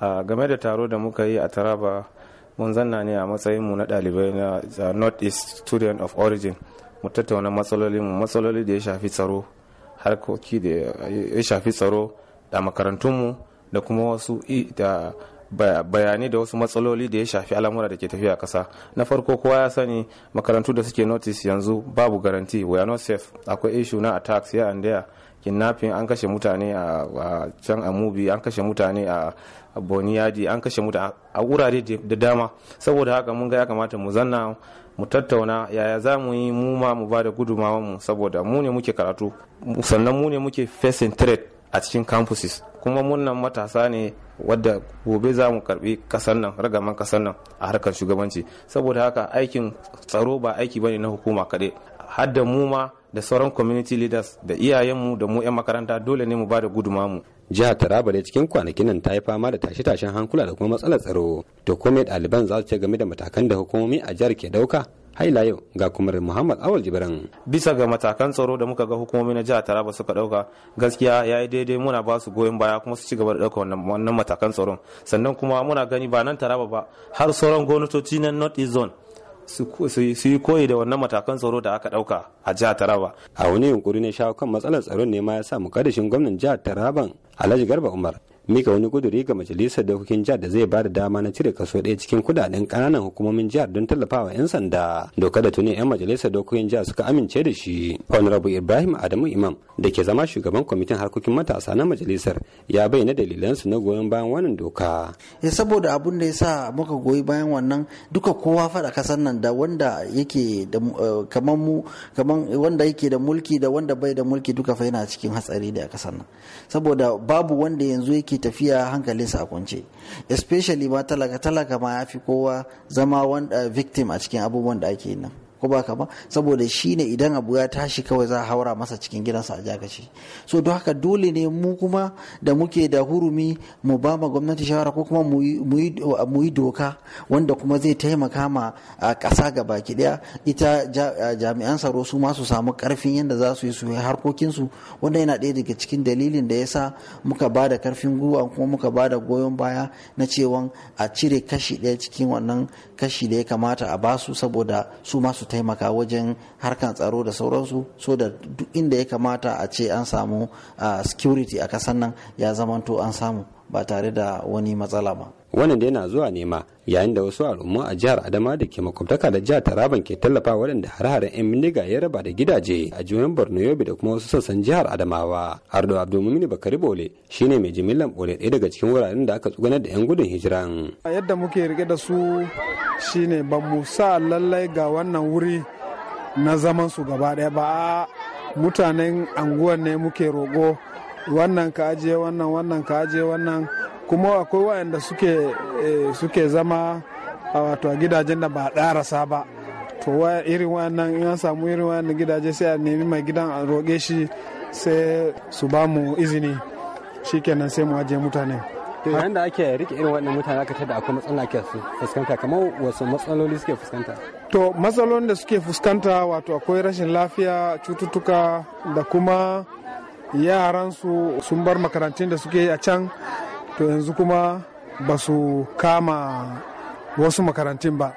a game da taro da muka yi a taraba mun zanna ne a matsayinmu na ɗalibai na uh, north east student of origin mu tattauna matsaloli mu matsaloli da ya shafi tsaro harkoki da ya shafi tsaro da makarantunmu da kuma wasu da bayani da wasu matsaloli da ya shafi al'amura da ke tafiya kasa na farko kowa ya sani makarantu da suke notice yanzu babu garanti we are not safe akwai ishu na attacks here and there kidnapping an kashe mutane a can a an kashe mutane a boniyadi an kashe mutane a wurare da dama saboda haka mun ga ya kamata mu zanna mu tattauna yaya za mu yi mu ma mu ba da mu saboda mu ne muke karatu sannan mu ne muke facing threat a cikin campuses kuma munnan matasa ne wadda gobe za mu karbi kasar nan ragaman kasar nan a harkar shugabanci saboda haka aikin tsaro ba aiki bane na hukuma kaɗai hadda mu ma da sauran community leaders da iyayenmu da mu 'yan makaranta dole ne mu ba da mu. jihar taraba ne cikin kwanakin nan ta yi fama da tashe-tashen hankula da kuma matsalar tsaro to kome ɗaliban za su ce game da matakan da hukumomi a jihar ke ɗauka haila yau ga kumar muhammad awal jibran bisa ga matakan tsaro da muka ga hukumomi na jihar taraba suka dauka gaskiya ya yi daidai muna ba su goyon baya kuma su ci gaba da ɗauka wannan matakan tsaron sannan kuma muna gani ba nan taraba ba har sauran gwamnatoci na north east zone su yi koyi da wannan matakan tsaro da aka dauka a jihar Taraba. A wani yunkuri ne shawo kan matsalar tsaron ne ma ya sa mukaddashin gwamnan jihar Taraban Alhaji Garba Umar mika wani guduri ga majalisar dokokin jihar da zai ba da dama na cire kaso ɗaya cikin kudaden kananan hukumomin jihar don tallafawa 'yan sanda doka da tuni 'yan majalisar dokokin jihar suka amince da shi honorable ibrahim adamu imam da ke zama shugaban kwamitin harkokin matasa na majalisar ya bayyana dalilansu na goyon bayan wannan doka ya eh, saboda abun da ya sa muka goyi bayan wannan duka kowa faɗa kasar nan da wanda yake da kamar mu eh, kamar wanda yake da mulki da wanda bai da mulki duka fa yana cikin hatsari da kasar nan saboda babu wanda yanzu yake yake tafiya hankalinsa a kwance especially ma talaka talaka ma ya fi kowa zama wanda victim a cikin abubuwan da ake nan ko ba kama saboda shi ne idan abu ya tashi kawai za a haura masa cikin gidansa a jakashi so don haka dole ne mu kuma da muke da hurumi mu ba ma gwamnati shawara ko kuma mu yi doka wanda kuma zai taimaka ma a ƙasa ga baki daya ita jami'an tsaro su ma su samu karfin yadda za su yi su harkokinsu wanda yana ɗaya daga cikin dalilin da ya sa muka ba da karfin gwiwa kuma muka ba da goyon baya na cewa a cire kashi ɗaya cikin wannan kashi da ya kamata a basu saboda su ma su taimaka wajen harkan tsaro da sauransu so da duk inda ya kamata a ce an samu security a kasan nan ya zamanto an samu ba tare da wani matsala ba wannan da yana zuwa nema yayin da wasu al'umma a jihar adama da ke makwabtaka da jihar taraban ke tallafa waɗanda har-haren 'yan bindiga ya raba da gidaje a jihohin borno yobe da kuma wasu sassan jihar adamawa ardo abdulmumini bakari bole shine mai jimillan bole ɗaya daga cikin wuraren da aka tsugunar da 'yan gudun hijiran yadda muke rike da su shine ba mu sa lallai ga wannan wuri na zaman su gaba daya ba mutanen anguwan ne muke roƙo wannan ka ajiye wannan wannan ka ajiye wannan kuma akwai wayanda suke eh, suke zama a wato gidajen da ba a ɗarasa ba to irin wayannan in an samu irin waɗannan gidaje sai a nemi mai gidan a roƙe shi sai su ba mu izini shikenan sai mu ajiye mutane to yayin da ake rike irin wannan mutane aka tada akwai matsala ke fuskanta kamar wasu matsaloli suke fuskanta to matsalolin da suke fuskanta wato akwai rashin lafiya cututtuka da kuma yaransu sun bar makarantun da suke a can to yanzu kuma ba su kama wasu makarantun ba